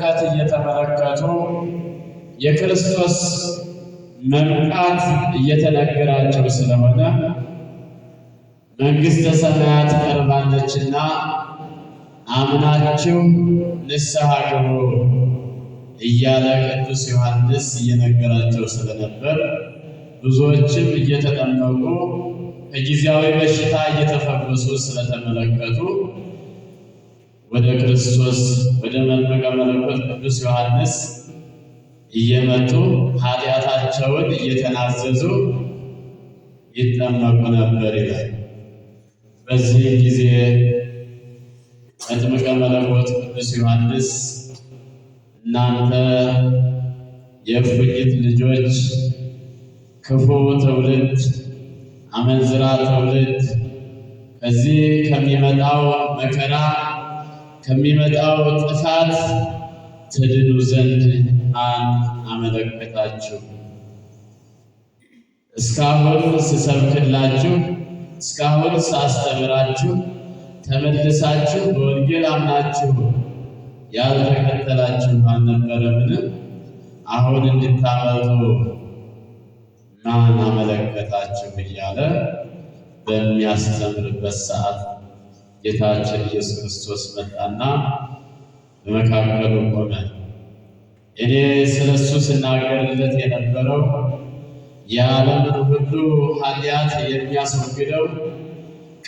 በጥልቀት እየተመለከቱ የክርስቶስ መምጣት እየተነገራቸው ስለሆነ መንግሥተ ሰማያት ቀርባለችና አምናችሁ ንስሐ ግቡ እያለ ቅዱስ ዮሐንስ እየነገራቸው ስለነበር ብዙዎችም እየተጠመቁ ከጊዜያዊ በሽታ እየተፈወሱ ስለተመለከቱ ወደ ክርስቶስ ወደ መጥምቀ መለኮት ቅዱስ ዮሐንስ እየመጡ ኃጢአታቸውን እየተናዘዙ ይጠመቁ ነበር ይላል። በዚህ ጊዜ መጥምቀ መለኮት ቅዱስ ዮሐንስ እናንተ የእፉኝት ልጆች፣ ክፉ ትውልድ፣ አመንዝራ ትውልድ ከዚህ ከሚመጣው መከራ ከሚመጣው ጥፋት ትድኑ ዘንድ አንድ አመለከታችሁ። እስካሁን ስሰብክላችሁ፣ እስካሁን ሳስተምራችሁ ተመልሳችሁ በወንጌል አምናችሁ ያልተከተላችሁ አልነበረምን? አሁን እንድታመጡ ማን አመለከታችሁ? እያለ በሚያስተምርበት ሰዓት ጌታችን ኢየሱስ ክርስቶስ መጣና በመካከሉ ቆመ። እኔ ስለ እሱ ስናገርለት የነበረው የዓለምን ሁሉ ኃጢአት የሚያስወግደው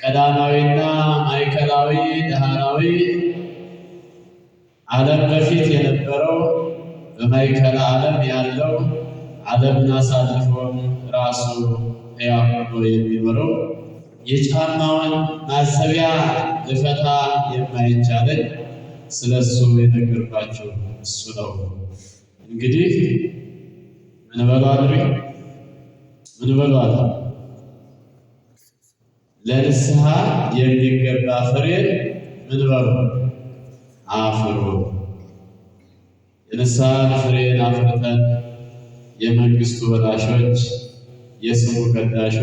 ቀዳማዊና ማዕከላዊ ደሃናዊ ዓለም በፊት የነበረው በማዕከለ ዓለም ያለው ዓለምን አሳልፎም ራሱ ሕያው የሚኖረው የጫማውን ማሰቢያ ልፈታ የማይቻለን ስለ እሱ የነገርኳቸው እሱ ነው። እንግዲህ ምን በሏት ምን በሏት ለንስሐ የሚገባ ፍሬ ምን በሉ አፍሩ። የንስሐን ፍሬን አፍርተን የመንግስቱ በላሾች፣ የስሙ ቀዳሾች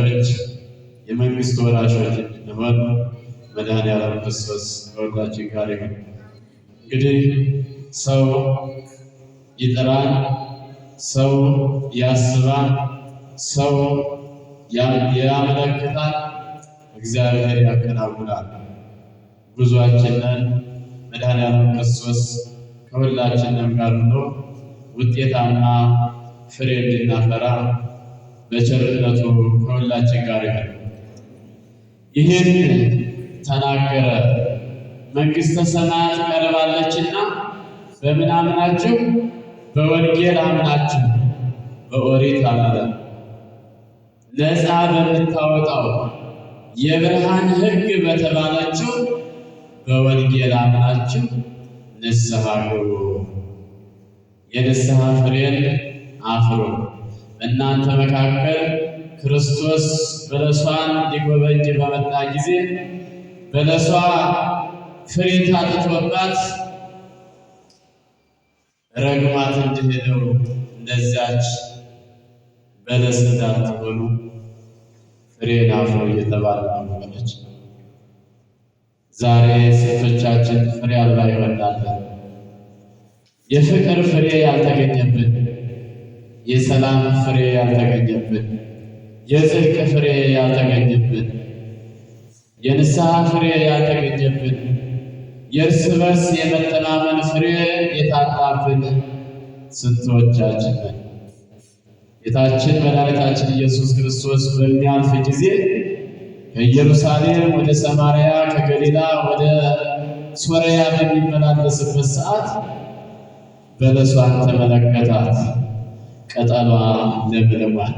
የመንግስት ወራሾች እንድንሆን መድኃኔዓለም ክርስቶስ ከሁላችን ጋር ይሁን። እንግዲህ ሰው ይጠራል፣ ሰው ያስባል፣ ሰው ያመለክታል፣ እግዚአብሔር ያከናውናል። ጉዟችንን መድኃኔዓለም ክርስቶስ ከሁላችንም ጋር ሆኖ ውጤታማ ፍሬ እንድናፈራ በቸርነቱ ከሁላችን ጋር ይሁን። ይህን ተናገረ። መንግሥተ ሰማያት ቀርባለችና በምን አምናችሁ? በወንጌል አምናችሁ በኦሪት አመረ ነፃ በምታወጣው የብርሃን ሕግ በተባላችሁ በወንጌል አምናችሁ ንስሐ ግቡ፣ የንስሐ ፍሬን አፍሩ። እናንተ መካከል ክርስቶስ በለሷን ሊጎበኝ በመጣ ጊዜ በለሷ ፍሬ ታጥቶባት ረግማት እንድሄደው እንደዚያች በለስ እንዳትሆኑ ፍሬ ናፍሮ እየተባለ ነች። ዛሬ ሴቶቻችን ፍሬ አልባ ይሆናለን። የፍቅር ፍሬ ያልተገኘብን፣ የሰላም ፍሬ ያልተገኘብን የጽድቅ ፍሬ ያልተገኘብን፣ የንስሐ ፍሬ ያልተገኘብን፣ የእርስ በርስ የመጠናመን ፍሬ የታጣብን ስንቶቻችንን ጌታችን መድኃኒታችን ኢየሱስ ክርስቶስ በሚያልፍ ጊዜ ከኢየሩሳሌም ወደ ሰማርያ ከገሊላ ወደ ሶርያ በሚመላለስበት ሰዓት በለሷን ተመለከታት። ቅጠሏ ለምልሟል።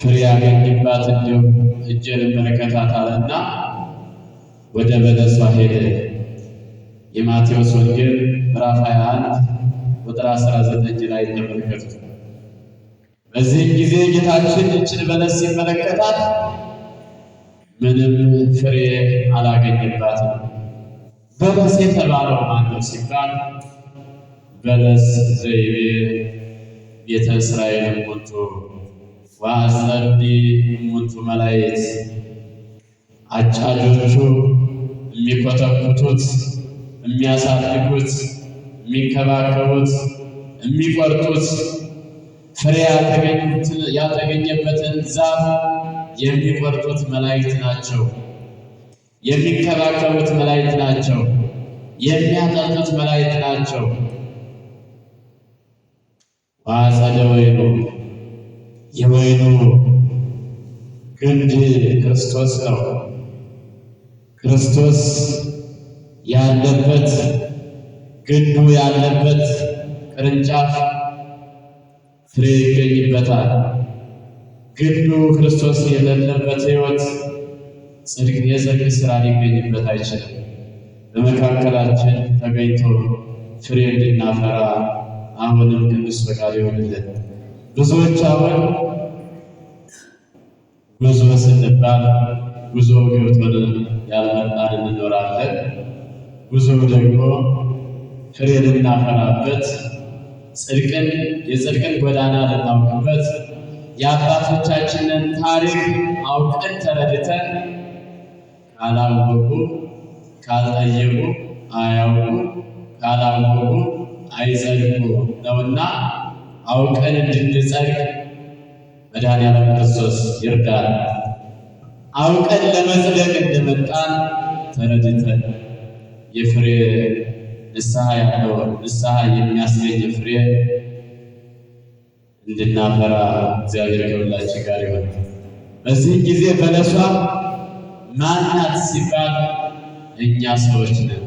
ፍሬ ያገኝባት እንዲሁም እጄን እመለከታታልና ወደ በለሷ ሄደ። የማቴዎስ ወንጌል ምዕራፍ 21 ቁጥር 19 ላይ ተመልከቱ። በዚህም ጊዜ ጌታችን እችን በለስ ሲመለከታት ምንም ፍሬ አላገኝባትም። በለስ የተባለው ማነው ሲባል በለስ ዘይቤ ቤተ እስራኤልን ሞልቶ ወአጸዲ ሙቱ መላእክት አጫጆቹ የሚኮተኩቱት፣ የሚያሳድጉት፣ የሚከባከቡት የሚቆርጡት ፍሬ ያተገኘበትን ዛፍ የሚቆርጡት መላእክት ናቸው። የሚንከባከቡት መላእክት ናቸው። የሚያጠጡት መላእክት ናቸው። ወአጸደ ወይኑ የወይኑ ግንድ ክርስቶስ ነው። ክርስቶስ ያለበት ግንዱ ያለበት ቅርንጫፍ ፍሬ ይገኝበታል። ግንዱ ክርስቶስ የሌለበት ሕይወት ጽድቅ የጽድቅ ስራ ሊገኝበት አይችልም። በመካከላችን ተገኝቶ ፍሬ እንድናፈራ አሁንም ቅዱስ ፈቃድ ይሆንልን። ብዙዎች አሁን ጉዞ ስንባል ጉዞ ቢወቶን ያልመጣን እንኖራለን። ጉዞ ደግሞ ፍሬ ልናፈራበት ጽድቅን የጽድቅን ጎዳና ልናውቅበት የአባቶቻችንን ታሪክ አውቀን ተረድተን ካላወቁ ካልጠየቁ አያውቁ ካላወቁ አይዘልቁ ነውና አውቀን እንድንጸድቅ መድኃኔዓለም ክርስቶስ ይርዳል። አውቀን ለመጽደቅ እንደመጣን ተረድተን የፍሬ ንስሐ ያለው ንስሐ የሚያስገኝ ፍሬ እንድናፈራ እግዚአብሔር ከሁላችን ጋር ይሆን። በዚህ ጊዜ በለሷ ማናት ሲባል እኛ ሰዎች ነን።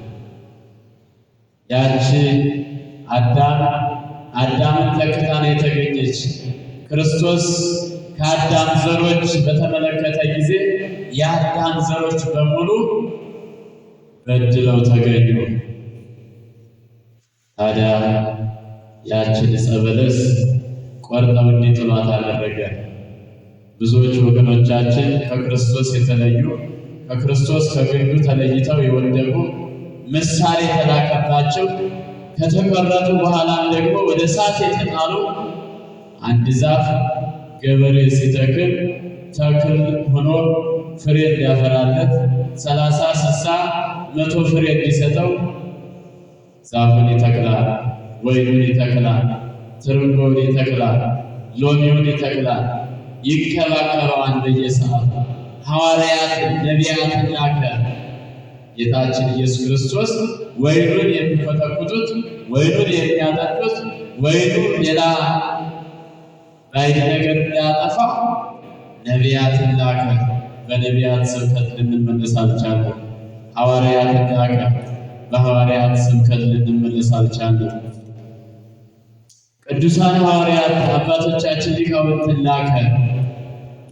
ያቺ አዳም አዳምን ተክታ ነው የተገኘች። ክርስቶስ ከአዳም ዘሮች በተመለከተ ጊዜ የአዳም ዘሮች በሙሉ በድለው ተገኙ። ታዲያ ያችን ዕፀ በለስ ቆርጠው እንዲጥሏት አደረገ። ብዙዎች ወገኖቻችን ከክርስቶስ የተለዩ ከክርስቶስ ከግንዱ ተለይተው የወደቁ ምሳሌ የተላከባቸው ከተመረጡ በኋላም ደግሞ ወደ እሳት የተጣሉ አንድ ዛፍ ገበሬ ሲተክል ተክል ሆኖ ፍሬ እንዲያፈራለት ሰላሳ ስሳ መቶ ፍሬ እንዲሰጠው ዛፉን ይተክላል፣ ወይኑን ይተክላል፣ ትርንጎውን ይተክላል፣ ሎሚውን ይተክላል። ይንከባከበዋል በየሰዓቱ ሐዋርያት ነቢያትን ላከ። ጌታችን ኢየሱስ ክርስቶስ ወይኑን የሚኮተኩቱት ወይኑን የሚያጠጡት ወይኑ ሌላ ላይ ነገር እንዳያጠፋ ነቢያትን ላከ። በነቢያት ስብከት ልንመለስ አልቻለም። ሐዋርያትን ላከ። በሐዋርያት ስብከት ልንመለስ አልቻለም። ቅዱሳን ሐዋርያት አባቶቻችን ሊቃውንትን ላከ።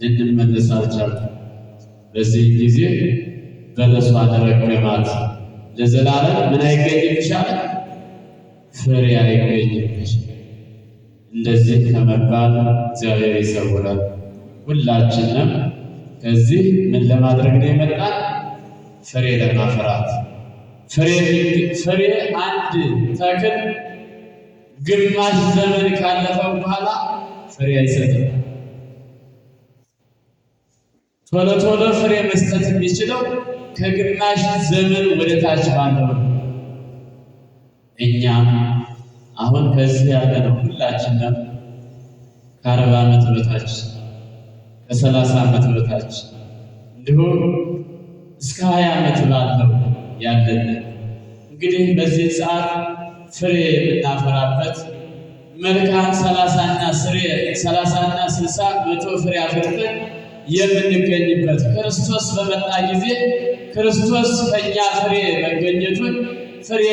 ልንመለስ አልቻለም። በዚህ ጊዜ በለሷ ደረቀ ማለት ለዘላለም ምን አይገኝብሻል? ፍሬ አይገኝብሽ። እንደዚህ ከመባል እግዚአብሔር ይሰውራል። ሁላችንም ከዚህ ምን ለማድረግ ነው የመጣን? ፍሬ ለማፍራት ፍሬ ፍሬ አንድ ተክል ግማሽ ዘመን ካለፈው በኋላ ፍሬ አይሰጥም። ቶሎ ቶሎ ፍሬ መስጠት የሚችለው ከግማሽ ዘመን ወደ ታች ባለው እኛ አሁን ከዚህ ያለ ነው። ሁላችንም ከአርባ ዓመት በታች ከሰላሳ ዓመት በታች እንዲሁም እስከ ሀያ ዓመት ባለው ያለን እንግዲህ በዚህ ሰዓት ፍሬ የምናፈራበት መልካም ሰላሳና ስሬ ሰላሳና ስልሳ መቶ ፍሬ አፍርተን የምንገኝበት ክርስቶስ በመጣ ጊዜ ክርስቶስ ከእኛ ፍሬ መገኘቱን ፍሬ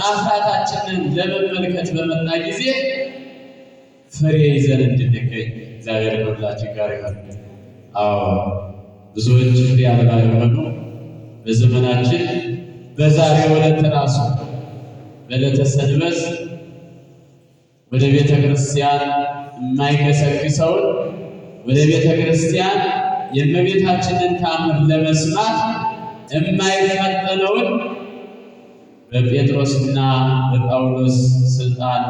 ማፍራታችንን ለመመልከት በመጣ ጊዜ ፍሬ ይዘን እንድንገኝ እግዚአብሔር ከሁላችን ጋር ይሆን። አዎ ብዙዎች ፍሬ አልባ የሆኑ በዘመናችን በዛሬ ዕለት ራሱ በዕለተ ሰንበት ወደ ቤተ ክርስቲያን የማይገሰግሰውን ወደ ቤተ ክርስቲያን የእመቤታችንን ታምር ለመስማት የማይፈጠነውን በጴጥሮስና በጳውሎስ ስልጣን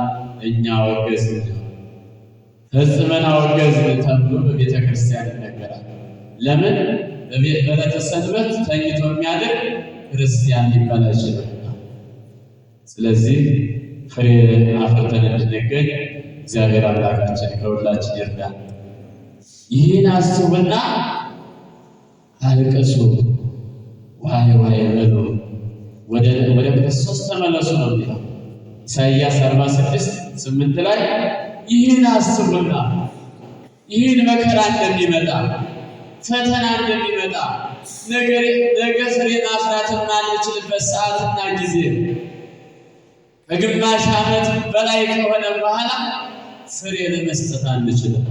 እኛ አወገዝን፣ ፈጽመን አወገዝን ተብሎ በቤተ ክርስቲያን ይነገራል። ለምን በዕለተ ሰንበት ተኝቶ የሚያደርግ ክርስቲያን ሊባል አይችልምና። ስለዚህ ፍሬ አፍርተን እንድንገኝ እግዚአብሔር አምላካችን ከሁላችን ይርዳል። ይህን አስቡና አልቅሱ፣ ዋይ ዋይ በሉ፣ ወደ ክርስቶስ ተመለሱ ነው የሚለው ኢሳይያስ 46 ስምንት ላይ ይህን አስቡና ይህን መከራ እንደሚመጣ ፈተና እንደሚመጣ ነገ ፍሬ ማፍራት የማንችልበት ሰዓትና ጊዜ ከግማሽ ዓመት በላይ ከሆነ በኋላ ፍሬ ለመስጠት አንችልም።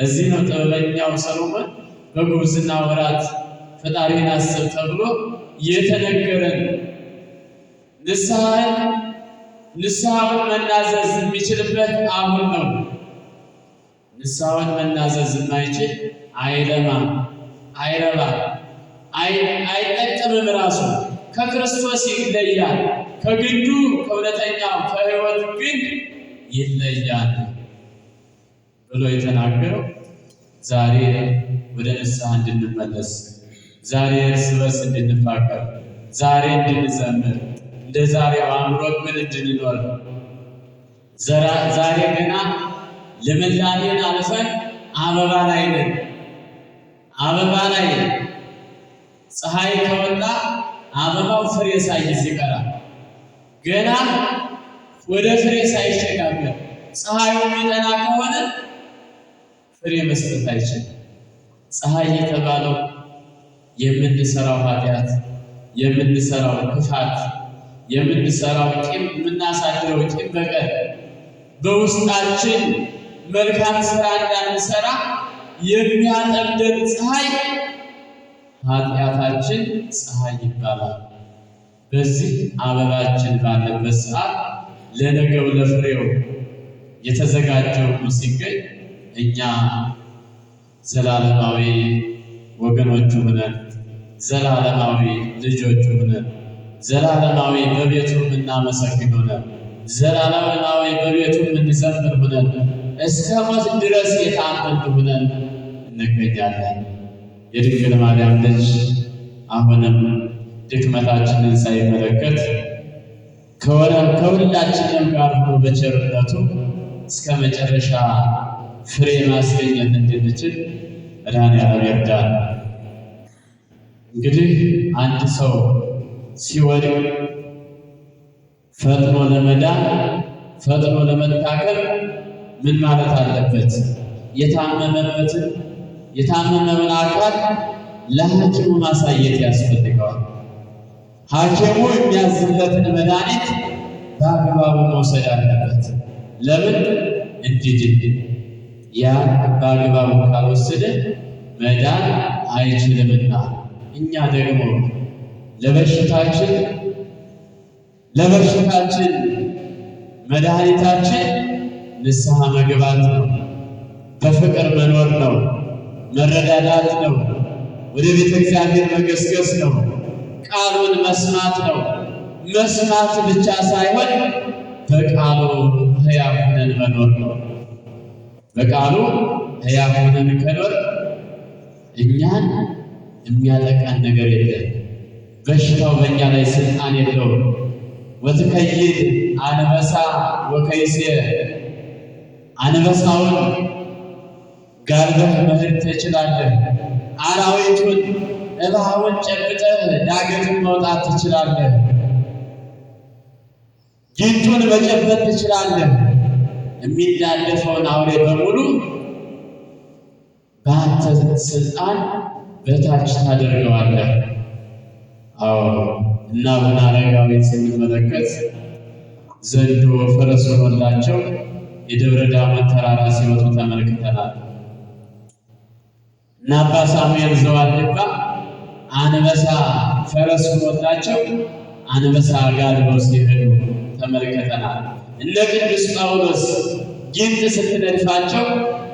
ለዚህ ነው ጥበበኛው ሰሎሞን በጉብዝና ወራት ፈጣሪን አስብ ተብሎ የተነገረን። ንስሐን ንስሐውን መናዘዝ የሚችልበት አሁን ነው። ንስሐውን መናዘዝ የማይችል አይለማም፣ አይረባ አይጠቅምም። ራሱ ከክርስቶስ ይለያል። ከግንዱ ከእውነተኛው ከህይወት ግንድ ይለያል። ብሎ የተናገረው ዛሬ ወደ ንስሐ እንድንመለስ፣ ዛሬ እርስ በርስ እንድንፋቀር፣ ዛሬ እንድንዘምር፣ እንደ ዛሬ አምሮብን እንድንኖር ዛሬ ገና ልምላሜን አልፈን አበባ ላይ ነን። አበባ ላይ ፀሐይ ከወጣ አበባው ፍሬ ሳይዝ ይቀራል። ገና ወደ ፍሬ ሳይሸጋገር ፀሐዩ የሚጠና ከሆነ ፍሬ መስጠት አይችልም። ፀሐይ የተባለው የምንሰራው ኃጢአት፣ የምንሰራው ክፋት፣ የምንሰራው ቂም፣ የምናሳድረው ቂም በቀል በውስጣችን መልካም ስራ እንዳንሰራ የሚያጠምደን ፀሐይ ኃጢአታችን ፀሐይ ይባላል። በዚህ አበባችን ባለበት ሰዓት ለነገው ለፍሬው የተዘጋጀው ሲገኝ እኛ ዘላለማዊ ወገኖቹ ሆነን ዘላለማዊ ልጆቹ ሆነን ዘላለማዊ በቤቱ የምናመሰግን ሆነን ዘላለማዊ በቤቱ የምንዘምር ሆነን እስከ ሞት ድረስ የታመን ሆነን እንገኛለን። የድንግል ማርያም ልጅ አሁንም ድክመታችንን ሳይመለከት ከወረ ከሁላችንም ጋር ሆኖ በቸርነቱ እስከ መጨረሻ ፍሬ ማስገኘት እንድንችል መድኃኔዓለም ይርዳል። እንግዲህ አንድ ሰው ሲወድቅ ፈጥኖ ለመዳን ፈጥኖ ለመታከም ምን ማለት አለበት? የታመመበትን የታመመውን አካል ለሐኪሙ ማሳየት ያስፈልገዋል። ሐኪሙ የሚያዝለትን መድኃኒት በአግባቡ መውሰድ አለበት። ለምን እንዲድን ያ በአግባቡ ካልወሰደ መዳን አይችልምና እኛ ደግሞ ለበሽታችን ለበሽታችን መድኃኒታችን ንስሐ መግባት ነው፣ በፍቅር መኖር ነው፣ መረዳዳት ነው፣ ወደ ቤተ እግዚአብሔር መገስገስ ነው፣ ቃሉን መስማት ነው። መስማት ብቻ ሳይሆን በቃሉ ሕያው ሆነን መኖር ነው። በቃሉ ሕያው ሆነን ከኖር እኛን የሚያጠቃን ነገር የለም። በሽታው በእኛ ላይ ስልጣን የለውም። ወትከይድ አንበሳ ወከይሴ አንበሳውን ጋልበህ መሄድ ትችላለህ። አራዊቱን እባሃውን ጨብጠህ ዳገትን መውጣት ትችላለህ። ጊንቱን መጨበጥ ትችላለህ። የሚላለፈውን አውሬ በሙሉ በአንተ ስልጣን በታች ታደርገዋለህ። አዎ እና አቡነ አረጋዊ ስንመለከት ዘንዶ ፈረስ ሆኖላቸው የደብረ ዳሞት ተራራ ሲወጡ ተመልክተናል። እና አባ ሳሙኤል ዘዋልባ አንበሳ ፈረስ ሆኖላቸው አንበሳ ጋልበው ሲሄዱ ተመልክተናል። እነ ቅዱስ ጳውሎስ ጊንጥ ስትነድፋቸው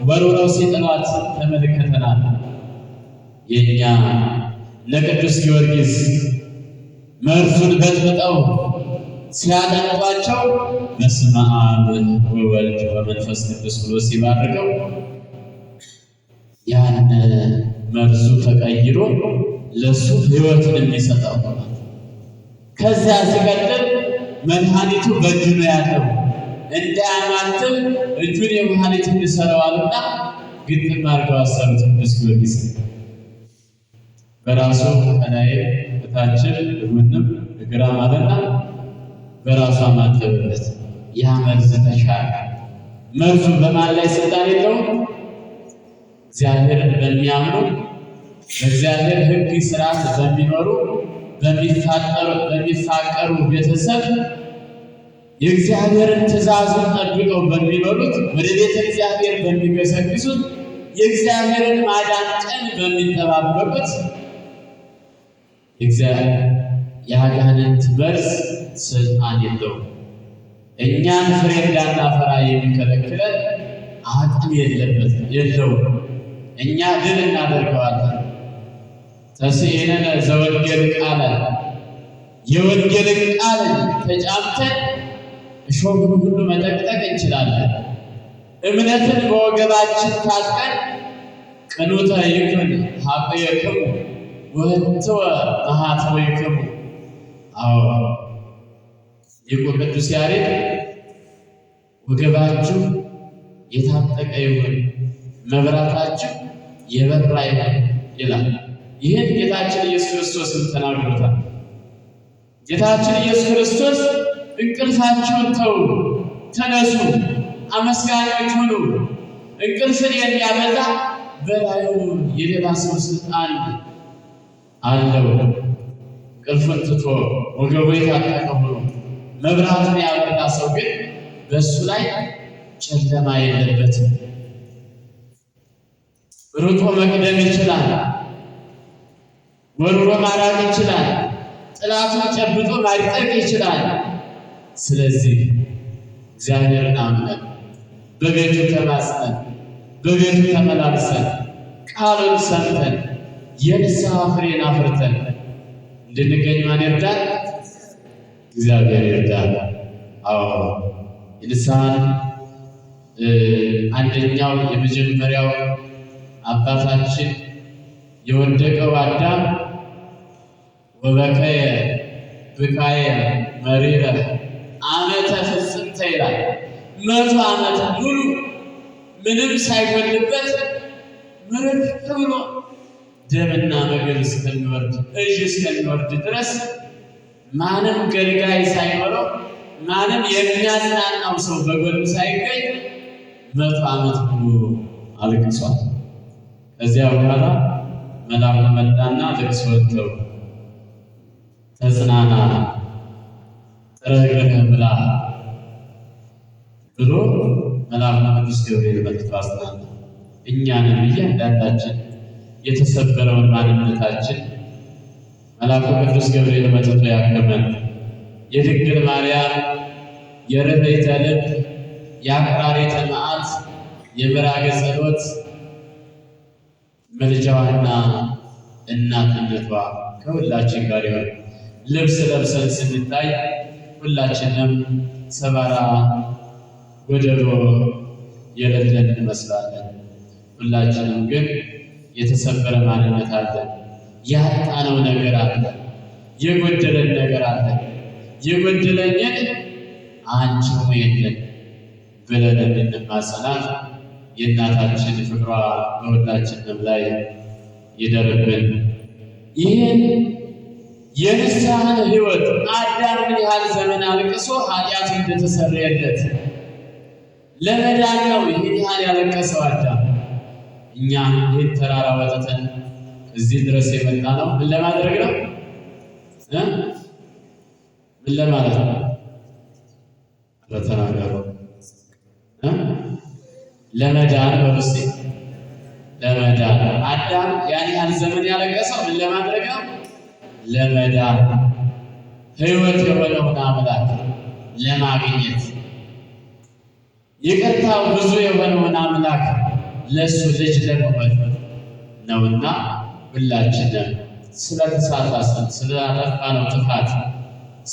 ወርውረው ሲጥሏት ተመልከተናል። የእኛ እነ ቅዱስ ጊዮርጊስ መርዙን በጥብጠው ሲያጠቋቸው በስመ አብ ወወልድ በመንፈስ ቅዱስ ብሎ ሲባርከው ያን መርዙ ተቀይሮ ለሱ ሕይወትን የሚሰጠው ከዚያ ሲቀጥል መድኃኒቱ በእጁ ነው ያለው። እንዳያማትም እጁን የመድኃኒት እንሰረዋልና ግጥም አድርገው አሰሩት። ቅዱስ ጊዮርጊስ በራሱ ከላይ እታችን ምንም እግራ ማለና በራሷ ማጠብበት ያ መርዝ ተሻለ። መርዙ በማን ላይ ስልጣን የለውም። እግዚአብሔርን በሚያምኑ በእግዚአብሔር ሕግ ስርዓት በሚኖሩ በሚፋቀሩ ቤተሰብ የእግዚአብሔርን ትእዛዙን ጠብቀው በሚበሉት ወደ ቤተ እግዚአብሔር በሚገሰግሱት የእግዚአብሔርን ማዳን ቀን በሚጠባበቁት እግዚአብሔር የአጋንንት መርዝ ስልጣን የለው እኛን ፍሬ እንዳናፈራ የሚከለክለን አቅም የለበት የለው። እኛ ድል እናደርገዋለን። ተስዒነነ ዘወንጌል ቃለ የወንጌልን ቃል ተጫምተን እሾህን ሁሉ መጠቅጠቅ እንችላለን። እምነትን በወገባችን ታጥቀን ቅኑተ ይኩን ኀቤክሙ ወኅትወ መኃትወክሙ። አዎ ሊቁ ቅዱስ ያሬድ ወገባችሁ የታጠቀ ይሁን፣ መብራታችሁ የበራ ይሁን ይላል። ይህን ጌታችን ኢየሱስ ክርስቶስ ተናግሮታል። ጌታችን ኢየሱስ ክርስቶስ እንቅልፋችሁን ተው፣ ተነሱ፣ አመስጋኞች ሁኑ። እንቅልፍን የሚያመጣ በላዩ የሌላ ሰው ስልጣን አለው። እንቅልፍን ትቶ ወገቡ የታጠቀ ሆኖ መብራትን ያመጣ ሰው ግን በእሱ ላይ ጨለማ የለበትም። ሩጦ መቅደም ይችላል። ወርውሮ ማራቅ ይችላል። ጥላቱን ጨብጦ ማድቀቅ ይችላል። ስለዚህ እግዚአብሔርን አምነን በቤቱ ተማጽነን በቤቱ ተመላልሰን ቃሉን ሰምተን የንስሐ ፍሬን አፍርተን እንድንገኝ ማን ይርዳል? እግዚአብሔር ይርዳል። አዎ የንስሐን አንደኛው የመጀመሪያው አባታችን የወደቀው አዳም ወበቀየ ብቃየ መሪረ አመተ ፍጽምተ ይላል። መቶ ዓመት ሙሉ ምንም ሳይጎልበት ምርት ብሎ ደምና መገብ እስከሚወርድ እጅ እስከሚወርድ ድረስ ማንም ገልጋይ ሳይኖረው ማንም የሚያዝናናው ሰው በጎን ሳይገኝ መቶ ዓመት ሙሉ አልቅሷል። ከዚያ በኋላ መላኩ መጣና ልቅሶ ወጥተው ተጽናና ጥረግረግ ብላ ብሎ መልአኩ ቅዱስ ገብርኤል መልእክት አስተላለፈ። እኛንም እያንዳንዳችን የተሰበረውን ማንነታችን መልአኩ ቅዱስ ገብርኤል መጥቶ ያከመን የድንግል ማርያም የርኅራኄ ልብ የአቅራሪተ መዓት የምራገ ጸሎት ምልጃዋና እናትነቷ ከሁላችን ጋር ይሆን። ልብስ ለብሰን ስንታይ ሁላችንም ሰባራ ጎደሎ የሌለን እንመስላለን። ሁላችንም ግን የተሰበረ ማንነት አለን። ያጣነው ነገር አለን የጎደለን ነገር አለን የጎደለኝን አንቺ የለን ብለን እንድንማጸናት የእናታችን ፍቅሯ በሁላችንም ላይ ይደርብን። ይህን የንስሐን ህይወት አዳም ምን ያህል ዘመን አልቅሶ ኃጢአቱ እንደተሰረየለት ለመዳኛው ይህን ያህል ያለቀሰው አዳም። እኛ ይህን ተራራ ወጥተን እዚህ ድረስ የመጣ ነው ምን ለማድረግ ነው? ምን ለማለት ነው? በተናገሩ ለመዳን በሙሴ ለመዳን አዳም ያን ያህል ዘመን ያለቀሰው ምን ለማድረግ ነው? ለመዳር ህይወት የሆነውን አምላክ ለማግኘት ይቅርታ ብዙ የሆነውን አምላክ ለእሱ ልጅ ለመሆን ነውና ሁላችንም ስለተሳሳስን ስላጠፋነው ጥፋት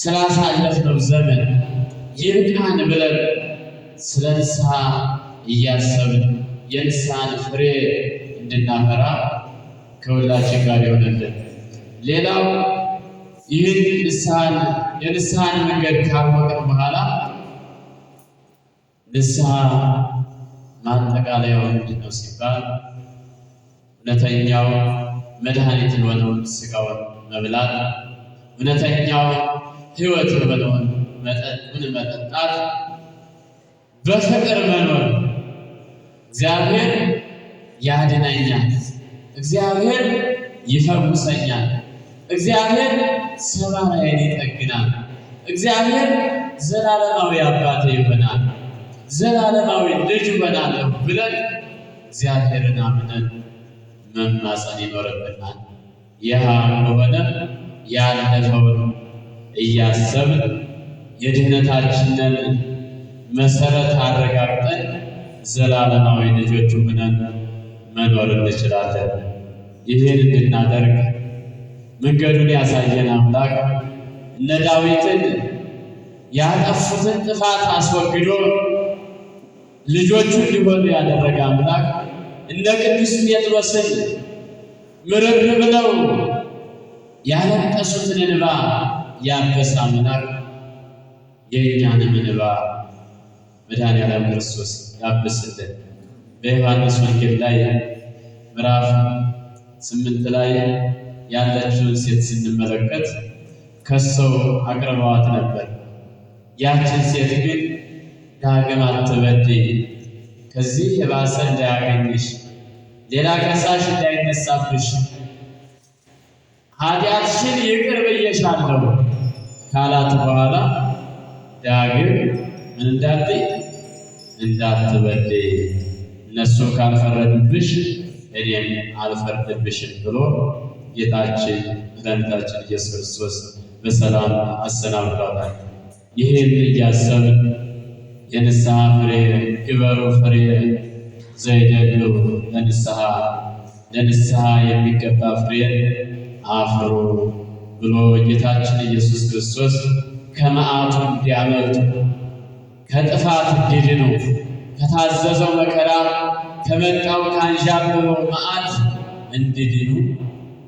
ስላሳለፍነው ዘመን ይብቃን ብለን ስለ ንስሐ እያሰብን የንስሐን ፍሬ እንድናፈራ ከሁላችን ጋር ይሆነልን። ሌላው ይህን ንስሐን የንስሐን መንገድ ካወቅን በኋላ ንስሐ ማጠቃለያው ምንድን ነው ሲባል እውነተኛው መድኃኒት የሆነውን ስጋውን መብላት፣ እውነተኛው ህይወት የሆነውን መጠጡን መጠጣት፣ በፍቅር መኖር። እግዚአብሔር ያድነኛል፣ እግዚአብሔር ይፈውሰኛል እግዚአብሔር ሰማያዊ ይጠግናል። እግዚአብሔር ዘላለማዊ አባቴ ይሆናል፣ ዘላለማዊ ልጅ ይሆናለሁ ብለን እግዚአብሔርን አምነን መማፀን ይኖርብናል። ይህ ከሆነ ያለፈውን እያሰብን የድህነታችንን መሰረት አረጋግጠን ዘላለማዊ ልጆቹ ሆነን መኖር እንችላለን። ይህን እንድናደርግ መንገዱን ያሳየን አምላክ እነ ዳዊትን ያጠፉትን ጥፋት አስወግዶ ልጆቹ እንዲሆኑ ያደረገ አምላክ እነ ቅዱስ ጴጥሮስን ምርር ብለው ያለቀሱትን እንባ ያበሰ አምላክ የእኛንም እንባ መድኃኔዓለም ክርስቶስ ያብስልን። በዮሐንስ ወንጌል ላይ ምዕራፍ ስምንት ላይ ያለችውን ሴት ስንመለከት ከሰው አቅርበዋት ነበር። ያችን ሴት ግን ዳግም አትበድይ፣ ከዚህ የባሰ እንዳያገኝሽ፣ ሌላ ከሳሽ እንዳይነሳብሽ፣ ኃጢአትሽን ይቅር ብዬሻለሁ ካላት በኋላ ዳግም ምን እንዳትይ እንዳትበድይ እነሱ ካልፈረድብሽ እኔም አልፈርድብሽም ብሎ ጌታችን መድኃኒታችን ኢየሱስ ክርስቶስ በሰላም አሰናብቷታል። ይህን እያሰብ የንስሐ ፍሬ ግበሩ ፍሬ ዘይደሉ ለንስሐ ለንስሐ የሚገባ ፍሬ አፍሩ ብሎ ጌታችን ኢየሱስ ክርስቶስ ከመዓቱ እንዲያመልጡ ከጥፋት እንዲድኑ ከታዘዘው መከራ ከመጣው ካንዣበበው መዓት እንዲድኑ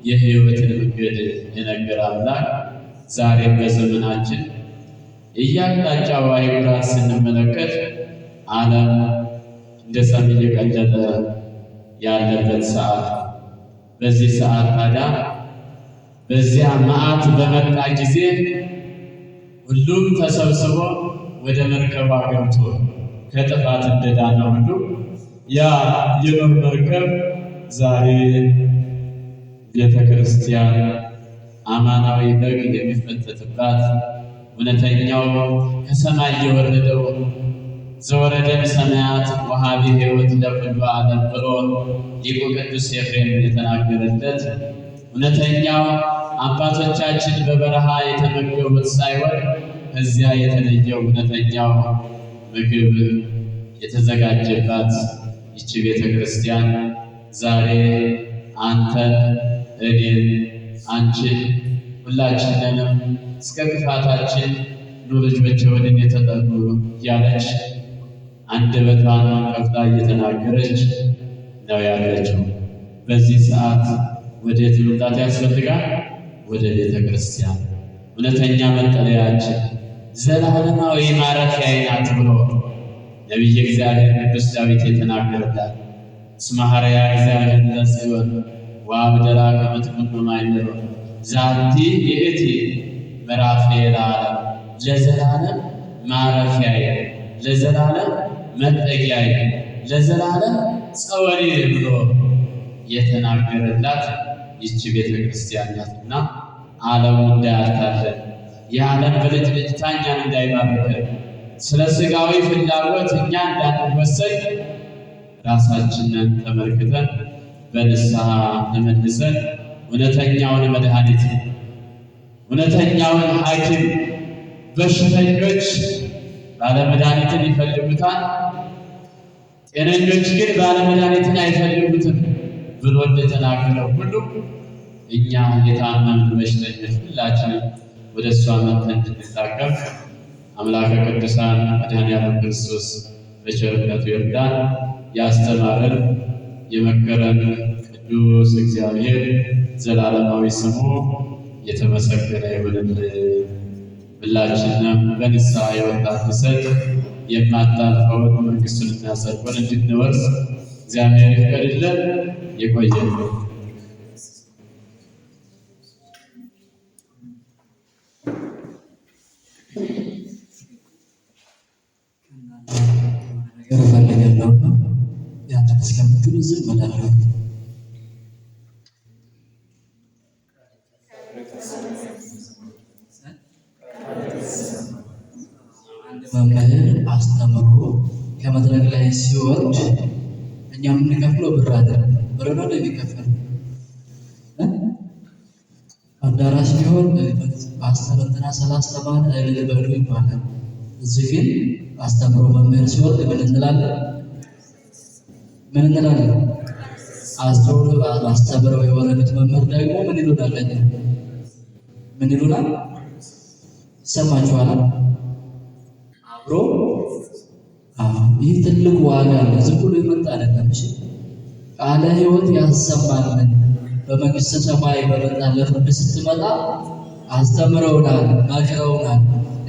የህይወትን መንገድ የነገረ አምላክ ዛሬም በዘመናችን እያንዳንጫው አይጉራት ስንመለከት ዓለም እንደ ሰም እየቀለጠ ያለበት ሰዓት በዚህ ሰዓት ታዲያ በዚያ መዓት በመጣ ጊዜ ሁሉም ተሰብስቦ ወደ መርከቧ ገብቶ ከጥፋት እንደዳነ ሁሉ ያ የኖህ መርከብ ዛሬ ቤተ ክርስቲያን አማናዊ በግ የሚፈተትባት እውነተኛው ከሰማይ የወረደው ዘወረደም ሰማያት ወሃቢ ሕይወት ለኩሉ ዓለም ብሎ ሊቁ ቅዱስ ኤፍሬም የተናገረለት እውነተኛው አባቶቻችን በበረሃ የተመገቡት ሳይሆን ከዚያ የተለየው እውነተኛው ምግብ የተዘጋጀባት ይቺ ቤተ ክርስቲያን ዛሬ አንተ፣ እኔ፣ ሁላችን ሁላችንንም እስከ ክፋታችን ኑ ልጆቼ ወደ እኔ ተጠጉ እያለች አንደበቷን ከፍታ እየተናገረች ነው ያለችው። በዚህ ሰዓት ወዴት መምጣት ያስፈልጋል? ወደ ቤተ ክርስቲያን እውነተኛ መጠለያችን ዘላለማዊ ማረፊያ ናት ብሎ እግዚአብሔር ቅዱስ ዳዊት የተናገረላት ስማሃራያ እግዚአብሔር ዘጽዮን ወአብደላ ከመ ትኩን ማይምሮ ዛቲ የእቲ ምዕራፍየ ለዓለም ለዘላለም ማረፊያዬ ለዘላለም መጠጊያዬ ለዘላለም ጸወሌ ብሎ የተናገረላት ይቺ ቤተ ክርስቲያን ናትና ዓለሙ እንዳያታለን የዓለም ብልጭልጭታ እኛን እንዳይማርከን ስለ ስጋዊ ፍላጎት እኛ እንዳንወሰድ ራሳችንን ተመልክተን በንስሐ ተመልሰን እውነተኛውን መድኃኒት እውነተኛውን ሐኪም በሽተኞች ባለመድኃኒትን ይፈልጉታል፣ ጤነኞች ግን ባለመድኃኒትን አይፈልጉትም ብሎ እንደተናገረው ሁሉ እኛ የታመምን በሽተኞች ሁላችንም ወደ እሷ መጥተን እንድንታከም አምላከ ቅዱሳን መድኃኔዓለም ክርስቶስ በቸርነቱ ይርዳል። ያስተማረን የመከረን ቅዱስ እግዚአብሔር ዘላለማዊ ስሙ የተመሰገነ ይሁንልን። ብላችንም በንስሐ የወጣ ሰጥ የማታልፈውን መንግስቱን ጽድቁን እንድንወርስ እግዚአብሔር ይፍቀድልን። የቆየልን ነገር ነው እስከምትሉ ዝም እላለሁ። መምህር አስተምሮ ከመድረክ ላይ ሲወርድ እኛ የምንከፍለው ብር አለ። ብር ነው የሚከፈል አዳራሽ ቢሆን አስር ሰላሳ ተባለ በሉ ይባላል። እዚህ ግን አስተምሮ መምህር ሲወርድ ምን እንላለን? ምን እንላለን? አስተውሎ አስተምረው የወረዱት መምህር ደግሞ ምን ይሉናል? ምን ይሉናል? ይሰማችኋል? አብሮ ይህ ትልቅ ዋጋ ነው። ዝም ብሎ የመጣ አይደለም። እሺ ቃለ ሕይወት ያሰማልን። በመንግሥተ ሰማይ በመጣ ለፍርድ ስትመጣ አስተምረውናል፣ መክረውናል።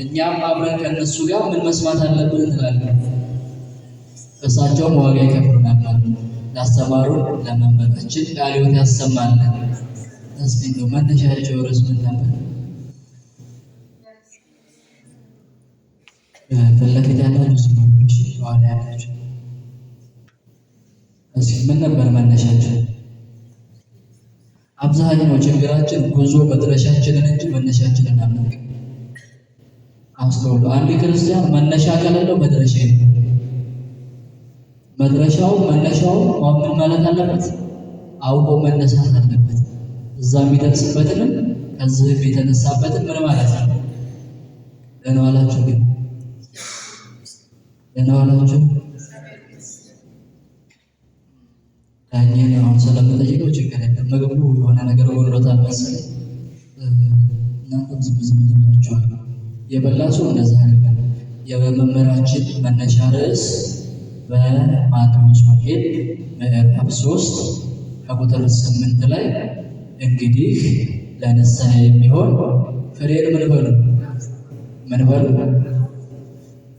እኛም አብረን ከእነሱ ጋር ምን መስማት አለብን እንላለን። እሳቸውም ዋጋ ይከፍሉ ያስተማሩን ለመምህራችን ቃለ ያሰማልን። እስኪ እንደው መነሻቸው ርዕስ ምን ነበር? ፊት ለፊት ሰዎች፣ እስኪ ምን ነበር መነሻቸው? አብዛኛው ችግራችን ጉዞ መድረሻችንን እንጂ መነሻችንን አናውቅም። አስተውሉ። አንድ ክርስቲያን መነሻ ከሌለው መድረሻ የለም። መድረሻው መነሻው ምን ማለት አለበት? አውቆ መነሳት አለበት። እዛ የሚደርስበትንም ከዚህም የተነሳበትን ምን ማለት ነው? ደህና ዋላችሁ ግን ደህና ዋላችሁ። ዳኛዬን አሁን ስለምጠይቀው ችግር የለም። ምግቡ የሆነ ነገር ወሮታል መሰለኝ። እናንተም ዝም ዝም ብላችኋል። የበላ ሰው እንደዛ አይደለም። የመምህራችን መነሻ ርዕስ በማቴዎስ ወንጌል ምዕራፍ ሶስት ከቁጥር ስምንት ላይ እንግዲህ ለንስሐ የሚሆን ፍሬን ምን በሉ ምን በሉ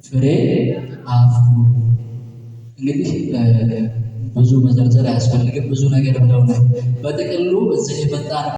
ፍሬ አፍሩ። እንግዲህ ብዙ መዘርዘር አያስፈልግም። ብዙ ነገር ብለው ነው በጥቅሉ እዚህ የመጣ ነው።